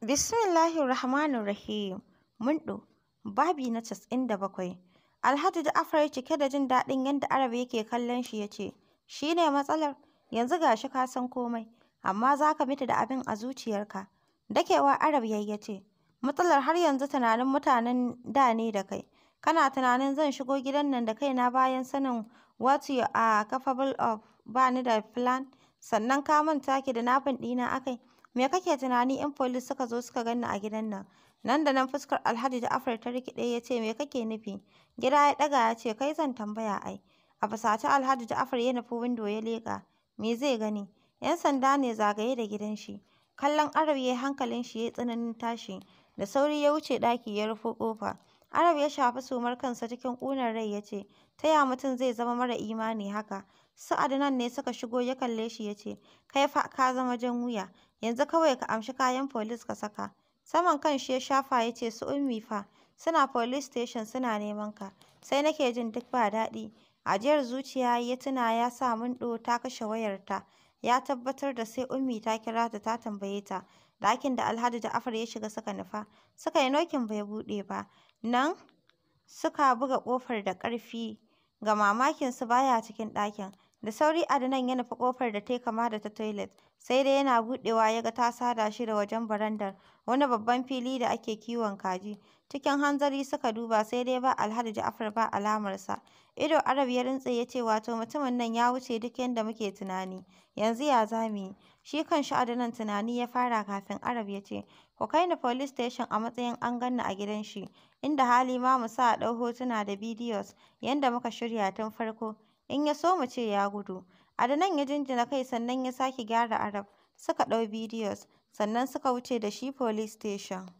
Bismillahir Rahmanir Rahim. Mundo, babi na 97. da bakwai. Alhaji da Afra cike da jin daɗin yadda Arabi yake kallon shi yace ce, shi ne matsalar, yanzu gashi shi ka san komai, amma za ka mutu da abin a zuciyarka. Dakewa Arab yayi ya matsalar har yanzu tunanin mutanen da ne da kai. Kana tunanin zan shigo gidan nan da kaina bayan sanin what you are capable of ba ni da plan, sannan ka manta ki da nafin ɗina akai. Me kake tunani in folis suka zo suka ganni a gidan nan? Nan da nan fuskar Alhaji afra ta rikide ya ce me kake nufi? Gida ya daga ya ce kai zan tambaya ai. A fasace Alhaji afra ya nufi windo ya leka Me zai gani? 'Yan sanda ne zagaye da gidan shi. Kallon Arab ya hankalin shi ya tsananin tashi. Da sauri ya wuce daki ya rufo kofa Arab ya shafi sumar kansa cikin ƙunar rai ya ce, ta ya mutum zai zama mara imani haka? Su Adnan ne suka shigo ya kalle shi ya ce, kai fa ka zama jan wuya, yanzu kawai ka amshi kayan folis ka saka. Saman kan shi ya shafa ya ce su ummi fa, suna folis station suna neman ka. Sai nake jin duk ba daɗi. Ajiyar zuciya ya tuna ya sa ɗo ta kashe wayarta. Ya tabbatar da sai ummi ta kira ta ta tambaye ta. Ɗakin da Alhaji afar ya shiga suka nufa. Suka yi nokin bai buɗe ba. Nan suka buga ƙofar da ƙarfi. Ga mamakinsu baya cikin ɗakin. Da sauri Adnan ya nufi kofar da ta yi kama da ta toilet, sai dai yana buɗewa ya ga ta sada shi da wajen barandar wani babban fili da ake kiwon kaji. Cikin hanzari suka duba sai dai ba Alhaji Ja'far ba alamarsa. Ido Arab ya rintse ya ce wato mutumin nan ya wuce duk yadda muke tunani, yanzu ya za mu yi? Shi kanshi Adnan tunani ya fara kafin Arab ya ce, ku kai ni police station a matsayin an ganni a gidan shi, inda hali ma mu sa a ɗau hotuna da bidiyos yadda muka shirya tun farko. in ya so mu ce ya gudu. A nan ya jinjina kai sannan ya sake gyara Arab, suka ɗau bidiyos, sannan suka wuce da shi police station.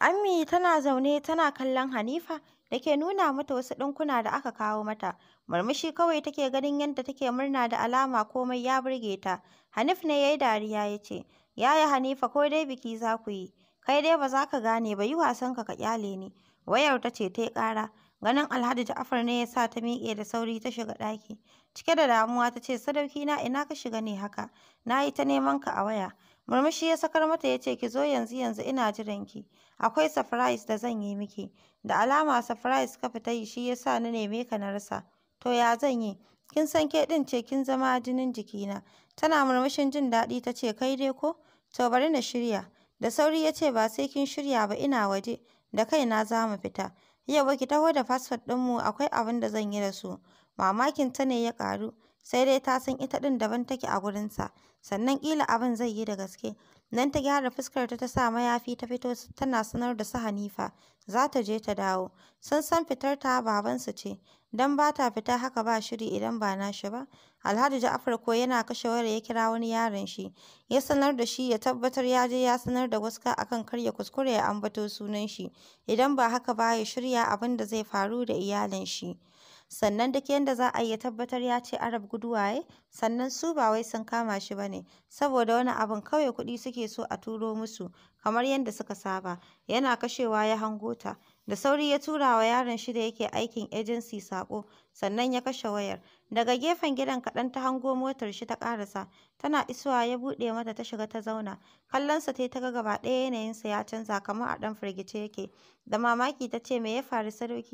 Ammi tana zaune tana kallon Hanifa da ke nuna mata wasu ɗinkuna da aka kawo mata. Murmushi kawai take ganin yadda take murna da alama komai ya burge ta. Hanif ne ya yi dariya ya ce, Yaya Hanifa ko dai biki za ku yi, kai dai ba za ka gane ba yi wasan ka ƙyale ni. Wayar ta ce ta yi ƙara. Ganin Alhaji Ja'far ne ya sa ta miƙe da sauri ta shiga ɗaki. Cike da damuwa ta ce, Sadauki na ina ka shiga ne haka? Na yi ta neman ka a waya. Murmushi ya sakar mata ya ce, Ki zo yanzu yanzu ina jiran ki. Akwai surprise da zan yi miki. Da alama surprise ka fita yi shi ya sa ni neme ka na rasa. To ya zan yi? Kin san ke ɗin ce kin zama jinin jikina. Tana murmushin jin daɗi ta ce, Kai dai ko? To bari na shirya. Da sauri ya ce, Ba sai kin shirya ba ina waje. Da kaina za mu fita. Yauwa baki taho da fasfot ɗinmu akwai abin da zan yi da su. Mamakin ta ne ya ƙaru, sai dai ta san ita ɗin daban take a gurinsa, sannan ƙila abin zai yi da gaske. Nan ta gyara fuskarta ta sa mayafi ta fito tana sanar da su Hanifa za ta je ta dawo. Sun san fitar ta babansu ce, don ba ta fita haka ba shiri idan ba nashi ba. Alhaji Ja'far ko yana kashe wayar ya kira wani yaron shi, ya sanar da shi ya tabbatar ya je ya sanar da waska akan kar ya kuskure ya ambato sunan shi, idan ba haka ba ya shirya abin da zai faru da iyalin shi. sannan duk yadda za a yi tabbatar ya ce Arab guduwaye, sannan su ba wai sun kama shi ba ne, saboda wani abin kawai kuɗi suke so a turo musu, kamar yadda suka saba, yana kashewa ya hango ta. Da sauri ya tura wa yaron shi da yake aikin ejensi saƙo, sannan ya kashe wayar. Daga gefen gidan kaɗan ta hango motar shi ta ƙarasa, tana isuwa ya buɗe mata ta shiga ta zauna. Kallonsa ta ta ga gaba ɗaya yanayinsa ya canza kamar a ɗan firgice yake. Da mamaki ta ce, me ya faru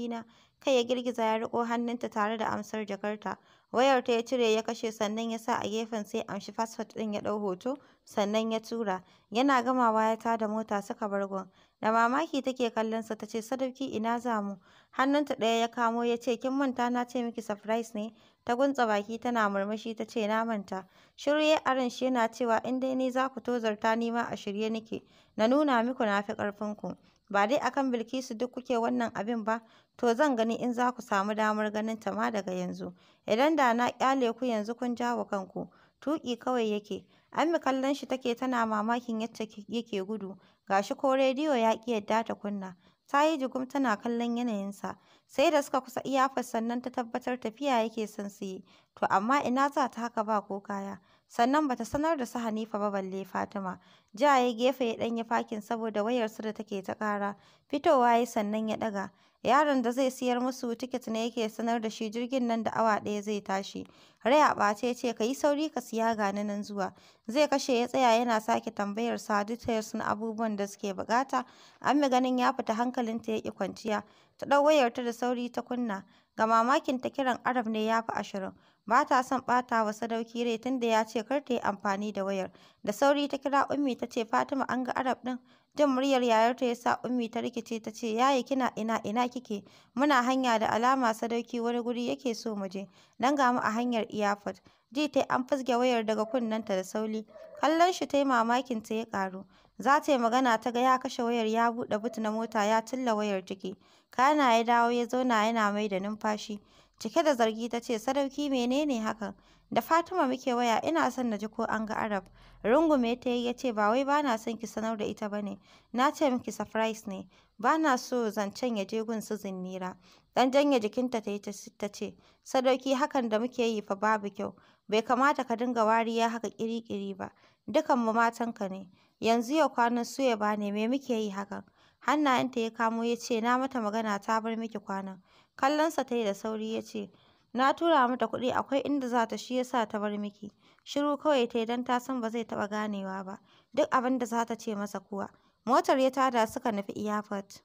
na? kai ya girgiza ya riƙo hannunta tare da amsar jakarta wayarta ya cire ya kashe sannan ya sa a gefen sai amshi fasfot ɗin ya ɗau hoto sannan ya tura yana gamawa ya tada mota suka bargon da mamaki take kallon sa tace sadauki ina za mu hannunta ɗaya ya kamo ya ce kin manta na ce miki surprise ne ta guntsa baki tana murmushi ta ce na manta shiru ya aron shi yana cewa in dai ni za ku tozarta ni ma a shirye nake na nuna muku na fi ƙarfin ku ba dai akan Bilkisu duk kuke wannan abin ba, to zan gani in za ku samu damar ganin ta ma daga yanzu. Idan da na ƙyale ku yanzu kun jawo kanku, tuƙi kawai yake. Ammi kallon shi take tana mamakin yadda yake gudu, Ga shi ko rediyo ya ƙi yadda ta kunna. Ta yi jigum tana kallon yanayinsa, sai da suka kusa iyafar sannan ta tabbatar tafiya yake son su yi, to amma ina za ta haka ba ko kaya. sannan bata sanar da su Hanifa ba balle Fatima. Ja ya gefe ya ɗanyi fakin saboda wayarsu da take ta kara Fitowa yayi sannan ya ɗaga. Yaron da zai siyar musu tiket ne yake sanar da shi jirgin nan da awa ɗaya zai tashi. Rai a ɓace ce ka yi sauri ka siya gani nan zuwa. Zai kashe ya tsaya yana sake tambayar sa details na abubuwan da suke bukata Amma ganin ya fita hankalinta ya ƙi kwanciya. Ta ɗau wayarta da sauri ta kunna. Ga mamakin ta kiran Arab ne ya fi ashirin. Ba ta son ɓata wa Sadauki rai tunda ya ce kar ta yi amfani da wayar. Da sauri ta kira Ummi ta ce Fatima an ga Arab ɗin. Jin muryar yayarta ya sa Ummi ta rikice ta ce yaye kina ina ina kike. Muna hanya da alama Sadauki wani guri yake so mu je. Dan ga mu a hanyar Iyafat. Ji ta an fizge wayar daga kunnenta da sauli. Kallon shi ta yi mamakin ta ya karu. Za ta yi magana ta ga ya kashe wayar ya buɗe but na mota ya cilla wayar ciki. Kana ya dawo ya zauna yana mai da numfashi. Cike da zargi ta ce, Sadauki menene hakan? Da Fatima muke waya ina son na ji ko an ga Arab. Rungume ta yi ya ce, ba wai ba na son ki sanar da ita ba Na ce miki surprise ne. Ba na so zancen ya je gun su zinnira. Dan janye jikinta ta yi ta ce, Sadauki hakan da muke yi fa babu kyau. Bai kamata ka dinga wariya haka kiri-kiri ba. matan ka ne. Yanzu ya kwana su ya bane me muke yi hakan? hannayenta ya kamo ya ce na mata magana ta bar miki kwanan kallonsa ta yi da sauri ya ce na tura mata kuɗi akwai inda za ta shi ya sa ta bar miki shiru kawai ta yi don ta san ba zai taɓa ganewa ba duk abin da za ta ce masa kuwa motar ya tada suka nufi airport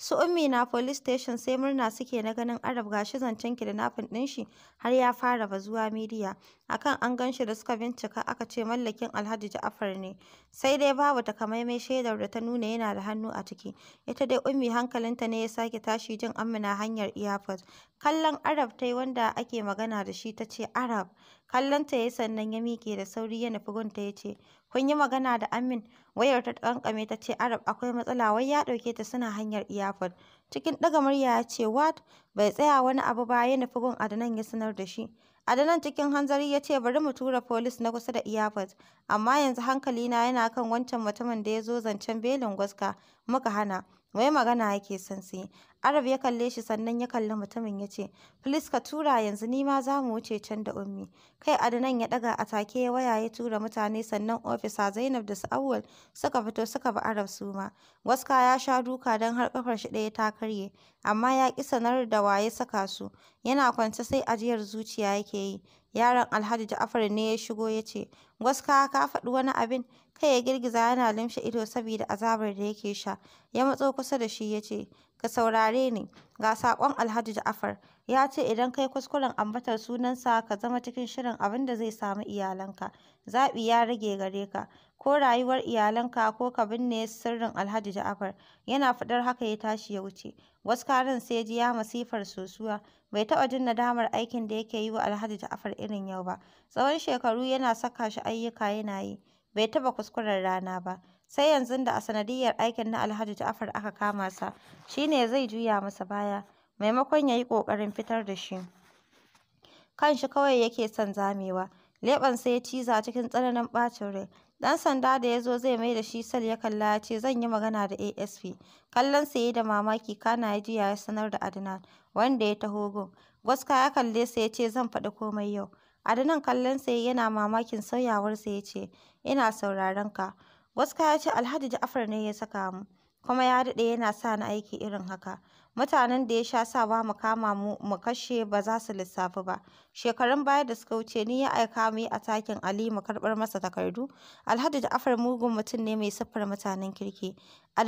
Su ummi na police station sai murna suke na ganin Arab gashi zancen kidnapping ɗin shi har ya fara bazuwa media. Akan an ganshi da suka bincika aka ce mallakin Alhaji Ja'far ne. Sai dai babu takamaiman shaidar da ta nuna yana da hannu a ciki. Ita dai ummi hankalinta ne ya sake tashi jin Amina hanyar airport. Kallon Arab ta yi wanda ake magana da shi ta ce Arab kallon ta yi sannan ya miƙe da sauri ya nufi gun ya ce, Kun yi magana da Amin? Wayar ta kankame ta ce, Arab akwai matsala wai ya ɗauke ta suna hanyar iyafar Cikin ɗaga murya ya ce, What? Bai tsaya wani abu ba ya nufi gun Adnan ya sanar da shi. Adnan cikin hanzari ya ce, Bari mu tura folis na kusa da iyafot. Amma yanzu hankali na yana kan wancan mutumin da ya zo zancen belin gwaska. Muka hana. wai magana yake son su arab ya kalle shi sannan ya kalli mutumin ya ce filis ka tura yanzu ni ma za mu wuce can da ummi kai adnan ya daga a take ya waya ya tura mutane sannan ofisa zainab da sa'awul suka fito suka bi arab su ma waska ya sha duka don har kafar shi ɗaya ta karye amma ya ki sanar da waye saka su yana kwance sai ajiyar zuciya yake yi yaron alhaji ja'afar ne ya shigo ya ce waska ka faɗi wani abin Kai ya girgiza yana limshe ido saboda azabar da yake sha. Ya matso kusa da shi ya ce, Ka saurare ni, ga saƙon Alhaji Ja'afar. Ya ce idan kai kuskuren ambatar sunansa ka zama cikin shirin abin da zai samu iyalanka. Zabi ya rage gare ka. Ko rayuwar iyalanka ko ka binne sirrin Alhaji Ja'afar. Yana faɗar haka ya tashi ya wuce. Wasu karin sai ji ya masifar sosuwa. Bai taɓa jin nadamar aikin da yake yi wa Alhaji Ja'afar irin yau ba. Tsawon shekaru yana saka shi ayyuka yana yi. bai taɓa kuskuren rana ba sai yanzu da a sanadiyar aikin na Alhaji Ja'far aka kama sa Shi ne zai juya masa baya maimakon ya yi ƙoƙarin fitar da shi kanshi kawai yake son zamewa sai ya ciza cikin tsananin ɓacin rai dan sanda da ya zo zai mai da shi sal ya kalla ya ce zan yi magana da asp kallon sa da mamaki kana ya jiya ya sanar da adnan wanda ya taho gun gwaska ya kalle sa ya ce zan faɗi komai yau nan, kallonsa yayi yana mamakin sauyawarsa ya ce, Ina sauraron ka. Waska ya ce Alhaji Ja'far ne ya saka mu, kuma ya daɗe yana sa ni aiki irin haka. Mutanen da ya sha sawa mu kama mu mu kashe ba za su lissafi ba. Shekarun baya da suka wuce ni ya aika mu yi takin Ali mu karɓar masa takardu. Alhaji Ja'far mugun mutum ne mai siffar mutanen kirki.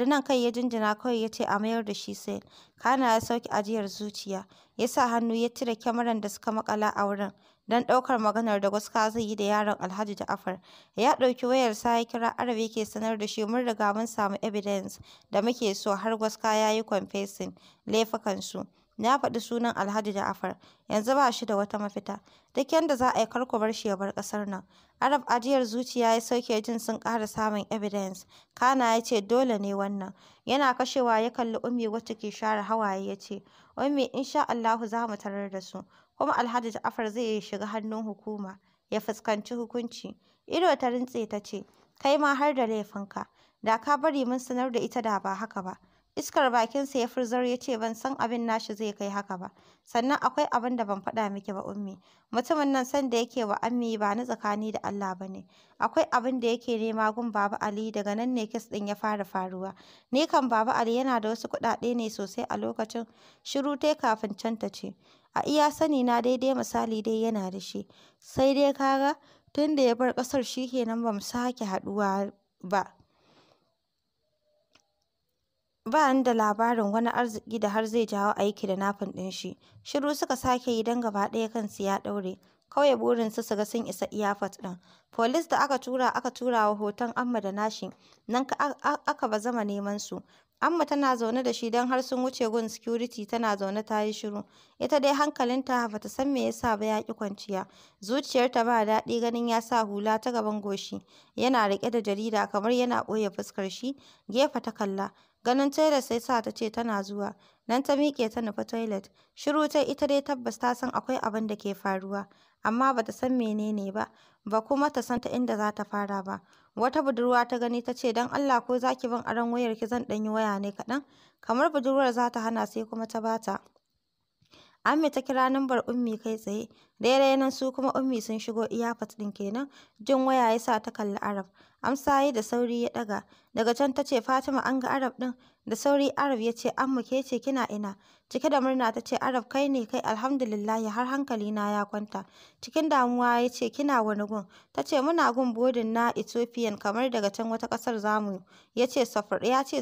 nan, kai ya jinjina kawai ya ce a mayar da shi sai. Kana ya sauki ajiyar zuciya. Ya sa hannu ya cire kyamaran da suka makala a wurin. don ɗaukar maganar da Gwaska zai yi da yaron Alhaji Ja'afar. Ya ɗauki sa ya kira Arabi yake sanar da shi mun riga mun samu evidence da muke so har Gwaska ya yi confessing laifukansu. Na faɗi sunan Alhaji Ja'afar, yanzu ba shi da wata mafita. Duk yanda za a yi kar bar shi ya bar ƙasar nan. Arab ajiyar zuciya ya sauke jin sun ƙara samun evidence. Kana ya ce dole ne wannan. Yana kashewa ya kalli Ummi wacce ke share hawaye ya ce, Ummi insha Allahu za mu tarar da su. kuma Alhaji Ja'far zai shiga hannun hukuma ya fuskanci hukunci. Ido ta rintse ta ce, kai ma har da laifinka, da ka bari mun sanar da ita da ba haka ba. Iskar bakinsa ya furzar ya ce ban san abin nashi zai kai haka ba, sannan akwai abin da ban faɗa miki ba ummi. Mutumin nan san da yake wa ammi ba na tsakani da Allah ba ne. Akwai abin da yake nema gun Baba Ali daga nan ne kes ɗin ya fara faruwa. Ni kan Baba Ali yana da wasu kuɗaɗe ne sosai a lokacin shiru tai kafin can ta ce. A iya sani na daidai misali dai yana da shi, sai dai kaga tun da ya bar ƙasar shi ke nan ba mu sake haɗuwa ba. Ba ni da labarin wani arziki da har zai jawo aiki da nafin ɗin shi. Shiru suka sake yi don gaba ɗaya kansu ya ɗaure. Kawai burinsu su ga sun isa iyafat ɗin. Folis da aka tura aka tura wa hoton Amma da nashi, nan aka bazama neman su. Amma tana zaune da shi don har sun wuce gun security tana zaune ta yi shiru. Ita dai hankalinta ba ta san me yasa ba ya ki kwanciya. Zuciyarta ba daɗi ganin ya sa hula ta gaban goshi. Yana riƙe da jarida kamar yana ɓoye fuskar shi. Gefe ta kalla. Ganin Taylor sai sa ta ce tana zuwa. Nan ta miƙe ta nufa toilet. Shiru ta ita dai tabbas ta san akwai abin da ke faruwa, amma ba ta san menene ba, ba kuma ta san ta inda za ta fara ba. Wata budurwa ta gani ta ce, don Allah ko zaki ki aron wayar ki zan ɗanyi waya ne kaɗan. Kamar budurwar za ta hana sai kuma ta bata. Ami ta kira lambar Ummi kai tsaye, daidai nan su kuma Ummi sun shigo iyafat ɗin kenan, jin waya ya sa ta kalli Arab. Amsa yi da sauri ya ɗaga, daga can ta ce Fatima an ga Arab din. da sauri Arab ya ce amma ke ce kina ina, cike da murna ta ce Arab kai ne kai alhamdulillahi har hankali na ya kwanta. Cikin damuwa ya ce kina wani gun, ta ce muna gun bodin na Ethiopian kamar daga can wata kasar zamu, ya ce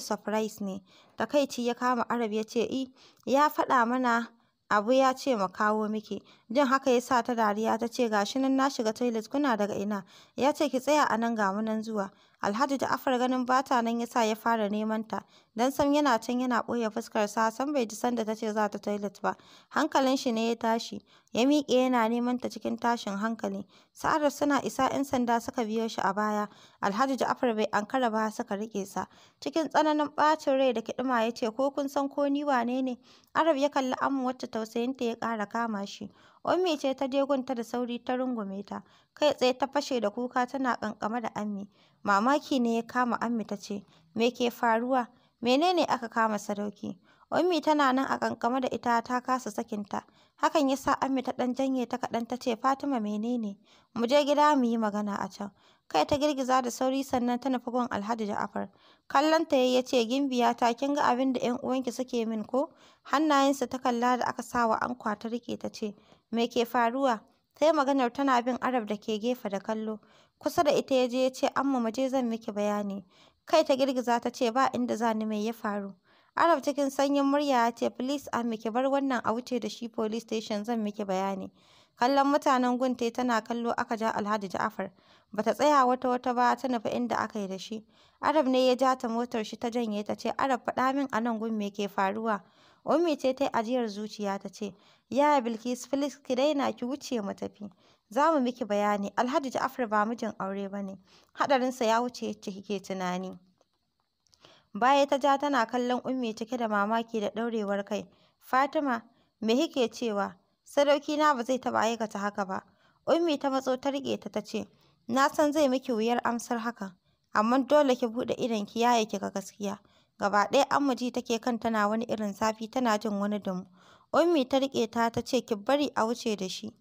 surprise ne. Takaici ya kama Arab ya ce i, ya faɗa mana Abu ya ce ma kawo miki. Jin haka ya sa ta dariya ta ce, gashi nan na shiga toilet kuna daga ina? Ya ce ki tsaya a nan ga mu nan zuwa. Alhaji afar ganin bata nan ya sa ya fara neman ta, dan sam yana can yana ɓoye fuskarsa san bai ji sanda ta ce za ta toilet ba. Hankalin shi ne ya tashi, ya miƙe yana neman ta cikin tashin hankali. sarar suna isa 'yan sanda suka biyo shi a baya. Alhaji afar bai ankara ba suka rike sa. Cikin tsananin bacin rai da kiɗima ya ce ko kun san ko ni wane ne? Arab ya kalli Ammu wacce ta ya ƙara kama shi. Ummi ce ta je gunta da sauri ta rungume ta, kai tsaye ta fashe da kuka tana ƙanƙame da Ammi. Mamaki ne ya kama Ammi ta ce, me ke faruwa? Menene aka kama Sadauki? Ummi tana nan a ƙanƙame da ita ta kasa sakin ta Hakan ya sa Ammi ta ɗan janye ta kaɗan ta ce, Fatima menene? Mu je gida mu yi magana a can. Kai ta girgiza da sauri sannan ta nufi gun Alhaji Ja'afar. Kallon ta ya ce, Gimbiya ta kin ga abin da 'yan uwanki suke min ko? Hannayensa ta kalla da aka sawa ankwa ta riƙe ta ce, Me ke faruwa? Sai maganar tana bin Arab da ke gefe da kallo. Kusa da ita ya je ya ce, Amma maje zan miki bayani. Kai ta girgiza ta ce, Ba inda zani mai ya faru. Arab cikin sanyin murya ya ce, Please a, miki bar wannan a wuce da shi police station zan miki bayani. Kallon mutanen gunte tana kallo aka ja Alhaji Ja'afar. Bata tsaya wata wata ba ta nufi inda aka yi da shi. Arab ne ya ja ta motar shi ta janye ta ce, Arab faɗa min a nan gun me ke faruwa. Ummi ce ta ajiyar zuciya ta ce, Yaya Bilkisu Felix, ki daina ki wuce mu tafi. Za mu miki bayani Alhaji Ja'afar ba mijin aure ba ne. Haɗarinsa ya wuce yacce kike tunani. Baya ta ja tana kallon Ummi cike da mamaki da ɗaurewar kai. Fatima, me kike cewa? Sadaukina ba zai taɓa aikata haka ba. Ummi ta matso ta riƙe ta ta ce, Na san zai miki wuyar amsar haka amma dole ki buɗe ki yaye ki ga gaskiya. Gaba ɗaya Amma take kan tana wani irin zafi tana jin wani damu. Ummi ta riƙe ta ta ce, ki bari a wuce da shi.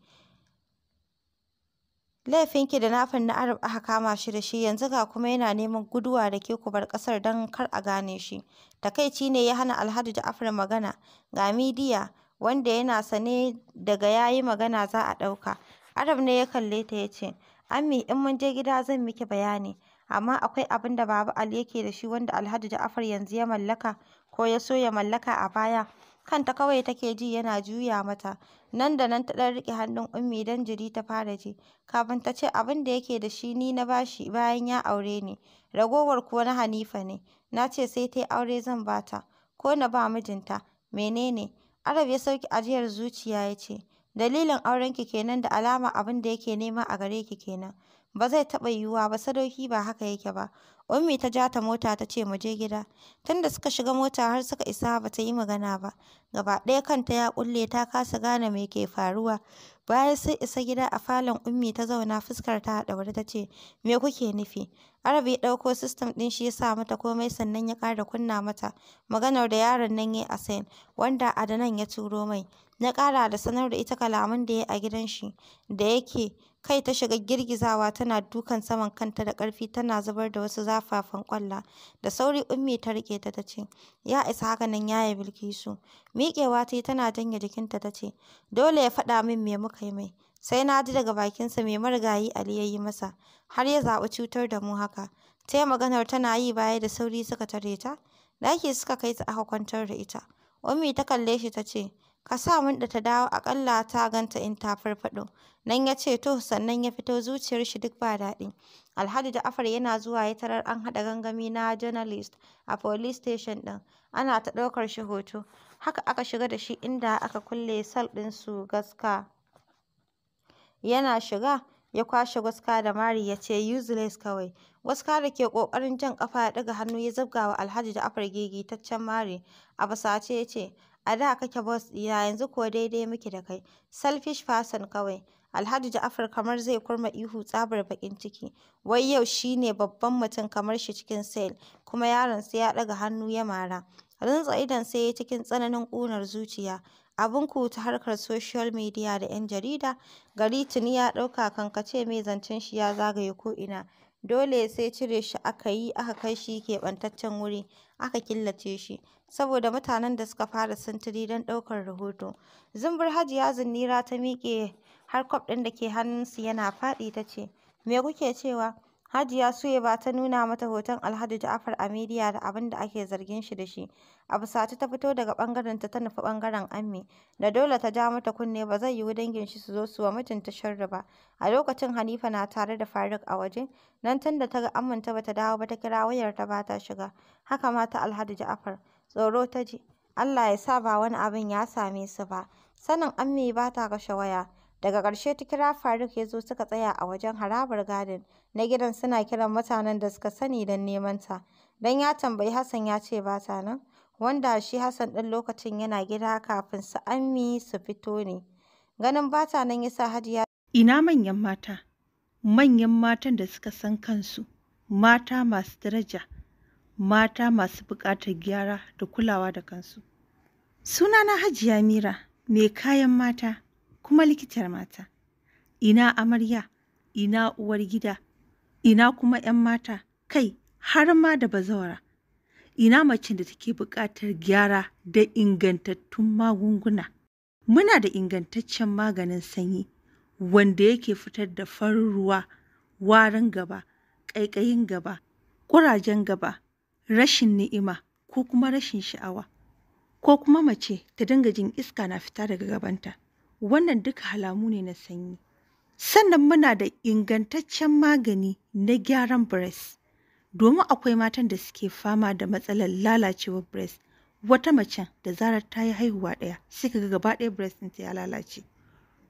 Laifinki da nafin na Arab aka kama shi da shi, yanzu ga kuma yana neman guduwa da ke ku bar ƙasar don kar a gane shi. Takaici ne ya hana Alhaji Ja'afar magana, ga midiya, wanda yana sane daga ya yi magana za a ɗauka. Arab ne ya kalle ta ya ce, Ammi in mun je gida zan miki bayani, amma akwai abin da Baba Ali yake da shi wanda Alhaji Ja'afar yanzu ya mallaka ko ya so ya mallaka a baya. kanta kawai take ji yana juya mata. Nan da nan ta ɗan riƙe hannun Ummi don jiri ta fara ji, kafin ta ce abin da yake da shi ni na bashi bayan ya aure ni, ragowar kuwa na Hanifa ne, na ce sai ta yi aure zan ba ta, ko na ba mijinta, menene? Arab ya sauke ajiyar zuciya ya ce, dalilin aurenki kenan da alama abin da yake nema a gare ki kenan ba zai taɓa yiwuwa ba sadauki ba haka yake ba ummi ta ja ta mota ta ce mu je gida tunda suka shiga mota har suka isa ba ta yi magana ba gaba ɗaya kanta ya ƙulle ta kasa gane me ke faruwa Bayan sai isa gida a falon Ummi ta zauna ta ta ɗaure ta ce, Me kuke nufi? Arabi ya ɗauko sistem ɗin shi ya sa mata komai sannan ya ƙara kunna mata maganar da yaron nan ya yi wanda Adanan ya turo mai. na ƙara da sanar da ita kalaman da ya a gidan shi da yake Kai ta shiga girgizawa tana dukan saman kanta da ƙarfi tana zubar da wasu zafafan ƙwalla. Da sauri Ummi ta rike ta ta ce, Ya isa haka nan ya yi Bilkisu. Miƙewa ta yi tana janye jikinta ta ce, Dole ya faɗa min me muka yi mai. Sai na ji daga bakinsa me marigayi Ali ya yi masa, har ya zaɓi cutar da mu haka. Ta maganar tana yi baya da sauri suka tare ta. Ɗaki suka kai ta aka kwantar da ita. Ummi ta kalle shi ta ce, Ka sa min da ta dawo akalla ta ganta in ta farfaɗo. Nan ya ce to sannan ya fito zuciyar shi duk ba daɗi. Alhaji da afar yana zuwa ya tarar an haɗa gangami na journalist a police station ɗin. Ana ta ɗaukar shi hoto. Haka aka shiga da shi inda aka kulle sal ɗin su gaska. Yana shiga ya kwashe gwaska da mari ya ce useless kawai. Gwaska da ke ƙoƙarin jan ƙafa ya ɗaga hannu ya zabga wa Alhaji da ta gigitaccen mari. A fusace ya ce A da kake boss ɗina, yanzu ko daidai muke da kai. Selfish person kawai. Alhaji ja'far kamar zai kurma ihu tsabar bakin ciki. Wai yau shine babban mutum kamar shi cikin sel, kuma yaron sai ya daga hannu ya mara. rantsa idon sai ya yi cikin tsananin ƙunar zuciya. Abun ku ta harkar social media da 'yan jarida, gari tuni ya ɗauka kankace mai zancen shi ya zagaye ko'ina. dole sai cire shi aka yi aka kai shi keɓantaccen wuri aka killace shi saboda mutanen da suka fara sintiri don ɗaukar rahoto. Zumbur Hajiya Zinnira ta miƙe har kwaf ɗin da ke hannunsu yana faɗi ta ce, me kuke cewa? Hajiya ba ta nuna mata hoton Alhaji a midiya da abin da ake zargin shi da shi. A fusace ta fito daga bangaren ta ta nufi bangaren Ammi, da dole ta ja mata kunne ba zai yiwu dangin shi su zo su wa mutunta sharri ba. A lokacin Hanifa na tare da Faruk a waje, nan tun da ta ga Amminta bata dawo ba ta kira wayarta ba ta shiga. Haka ma ta Alhaji jafar tsoro ta ji. Allah ya sa ba wani abin ya same su ba. Sanin Ammi ba ta kashe waya. Daga ƙarshe ta kira Faruk ya zo suka tsaya a wajen harabar gadin. na gidan suna kiran mutanen da suka sani don neman ta. Don ya tambayi Hassan ya ce ba ta nan, wanda shi Hassan ɗin lokacin yana gida kafin su ammi su fito ne. Ganin ba ta nan ya sa Hajiya. Ina manyan mata, manyan matan da suka san kansu, mata masu daraja, mata masu buƙatar gyara da kulawa da kansu. Suna na Hajiya Mira, mai kayan mata, kuma likitar mata. Ina amarya, ina uwar gida, Ina kuma ‘yan mata, kai har ma da bazawara? Ina macen da take buƙatar gyara da ingantattun magunguna? Muna da ingantaccen maganin sanyi wanda yake fitar da farin ruwa, warin gaba, ƙaiƙayin gaba, ƙurajen gaba, rashin ni'ima ko kuma rashin sha'awa, ko kuma mace ta dinga jin iska na fita daga gabanta. Wannan duka halamu ne na sanyi. Sannan muna da ingantaccen magani na gyaran breast. Domin akwai matan da suke fama da matsalar lalacewar breast. Wata macen da zarar ta yi haihuwa ɗaya sai ka gaba ɗaya breast ɗinta ya lalace.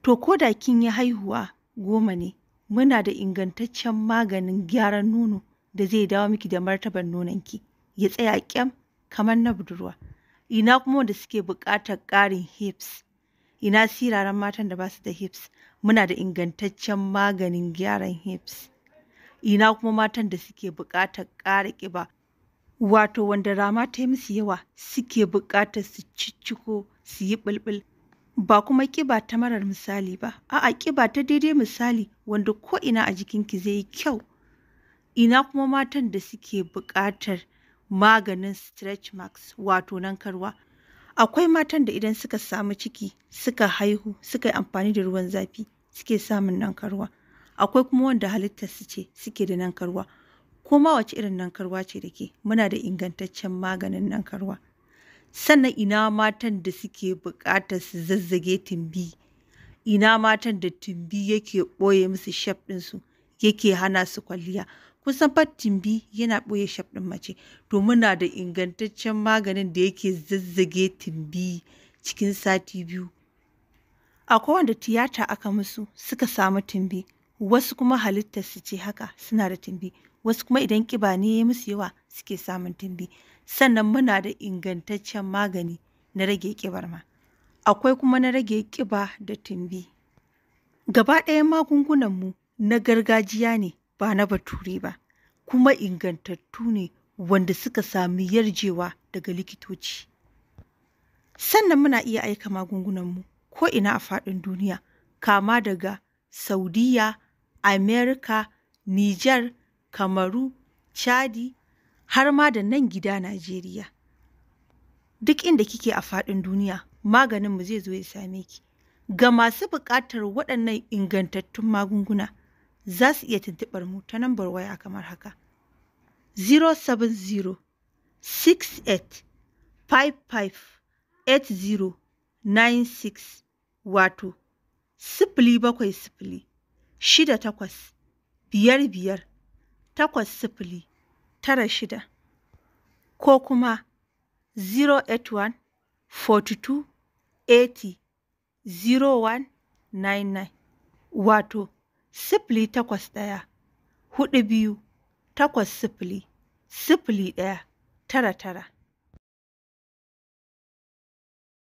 To ko da kin yi haihuwa goma ne muna da ingantaccen maganin gyaran nono da zai dawo miki da martabar nononki ya tsaya kyam kamar na budurwa. Ina kuma da suke buƙatar ƙarin hips. Ina siraran matan da ba su da hips. muna da ingantaccen maganin gyaran hips ina kuma matan da suke buƙatar ƙara ƙiba wato wanda rama ta yi musu yawa suke buƙatar su cicciko su yi ɓulɓul ba kuma ƙiba ta marar misali ba a'a ƙiba ta daidai misali wanda ko ina a jikinki zai yi kyau ina kuma matan da suke buƙatar maganin stretch marks wato nan karwa. Akwai matan da idan suka samu ciki, suka haihu, suka yi amfani da ruwan zafi, suke samun nankarwa. Akwai kuma wanda halittarsu ce suke da nankarwa. Ko wace irin nankarwa ce da ke, muna da ingantaccen maganin nankarwa. Sannan ina matan da suke buƙatar su zazzage tumbi, ina matan da tumbi yake ɓoye musu shaf ɗinsu, yake hana su kwalliya. kusan fattin bi yana ɓoye shaf ɗin mace to muna da ingantaccen maganin da yake zazzage timbi cikin sati biyu A kowanne tiyata aka musu suka samu timbi wasu kuma halittar su ce haka suna da timbi wasu kuma idan kiba ne ya musu yawa suke samun timbi sannan muna da ingantaccen magani na rage kibar ma akwai kuma na rage kiba da timbi gaba ɗayan magungunanmu na gargajiya ne ba na bature ba kuma ingantattu ne wanda suka sami yarjewa daga likitoci. Sannan muna iya aika magungunanmu ina a faɗin duniya, kama daga Saudiya, Amerika, Nijar, Kamaru, Chadi, har ma da nan gida Najeriya. Duk inda kike a faɗin duniya, maganinmu zai zo ya same ki. Ga masu buƙatar waɗannan ingantattun magunguna, za su iya tuntuɓar mu ta nambar waya kamar haka 070 68 55 80 96 wato sifili bakwai sifili shida takwas biyar biyar takwas sifili tara shida ko kuma 081 42 80 0199 wato sifili takwas ɗaya huɗu biyu takwas sifili sifili ɗaya tara tara